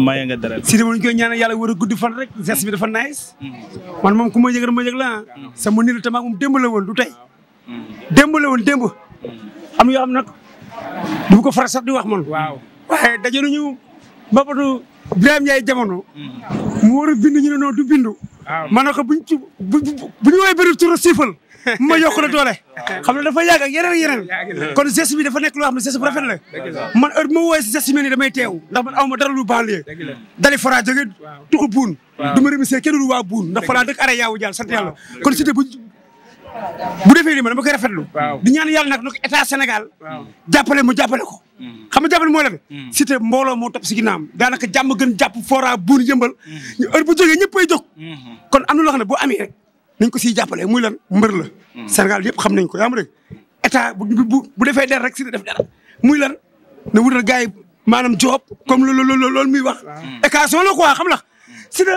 maye nga dara. Sidi ma ñu war a guddi fan rek geste bi dafa nice. man moom ku ma yëg rek ma yëg la sama niru tamaa moom démb la woon du tey. démb la woon démb. am na yoo ko faral sax di wax man. waaw waaye daje nañu mbapatu Birame Ndiaye mu war a bind ñu ne noonu du bindu. waaw ma ne ko buñ ci bu bu ñu woowee bëri tur siifal ma yokk la doole. xam nga dafa yàgg ak yeneen yeneen kon geste bi dafa nekk loo xam ne geste bu rafet la man heure bi ma woowee si geste bi nii damay teew ndax man aw dara lu banlieue dali fara jóge tuxu buun du ma remercier kenn du waa buun ndax fara dëkk ara yaawu jàll sant yàlla kon Siteu bu bu defee lii ma dama koy rafetlu di ñaan yàlla nag nag état Sénégal jàppale mu jàppale ko mm. xam nga jàppale moo la si mm. Siteu mbooloo moo topp si ginnaawam daanaka jàmm gën jàpp fora buun yëmbal mm. heure bu jógee ñëppay jóg mm-hmm. kon am na loo xam amee nañ ko siy jàppale muy lan mbër la. Hmm. Sénégal yëpp xam nañ ko yaa ma dégg bu bu bu defee rek si def dara muy lan ne wutal gars yi maanaam job comme loolu loolu loolu muy wax. Hmm. équation la quoi xam la si da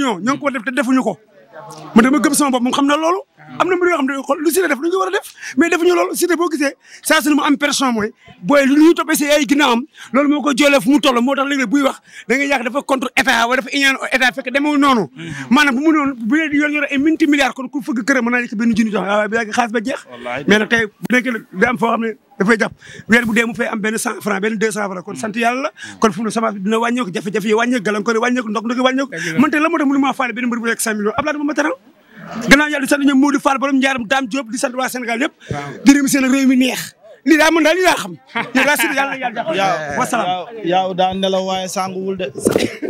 millions ñoo ko def te defuñu ko man dama gëm sama bopp moom xam na loolu am na mbir yoo xam ne lu Siteu def lu ñu war def mais defuñu loolu loolu moo ko joolee mu toll moo tax léeg buy wax da ngay yàq dafa contre état wala dafa iñaan état fekk demewul noonu mhm. maanaam bu mu noonu bu dee yor yor ay minti milliards kon ku fëgg këram mën naa nekk benn junni jox waaw ah, bi yàgg xaalis ba jeex mais nag tey bu nekkee da am foo xam ne dafay jàpp weer bu dee mu am benn cent franc benn deux cent franc kon sant yàlla la mm. kon fu mu ne semence bi dina wàññeeku jafe-jafe yi wàññeeku gàllankoor yi wàññeeku ndok la moo tax mënu maa faale benn mbir bu lekk cinq millions ma teral gannaaw yàlla di sant ñoom Sénégal yëpp di remercier nag lii daa mën daal lii daa xam lii yaaw daa nelaw waaye sanguwul de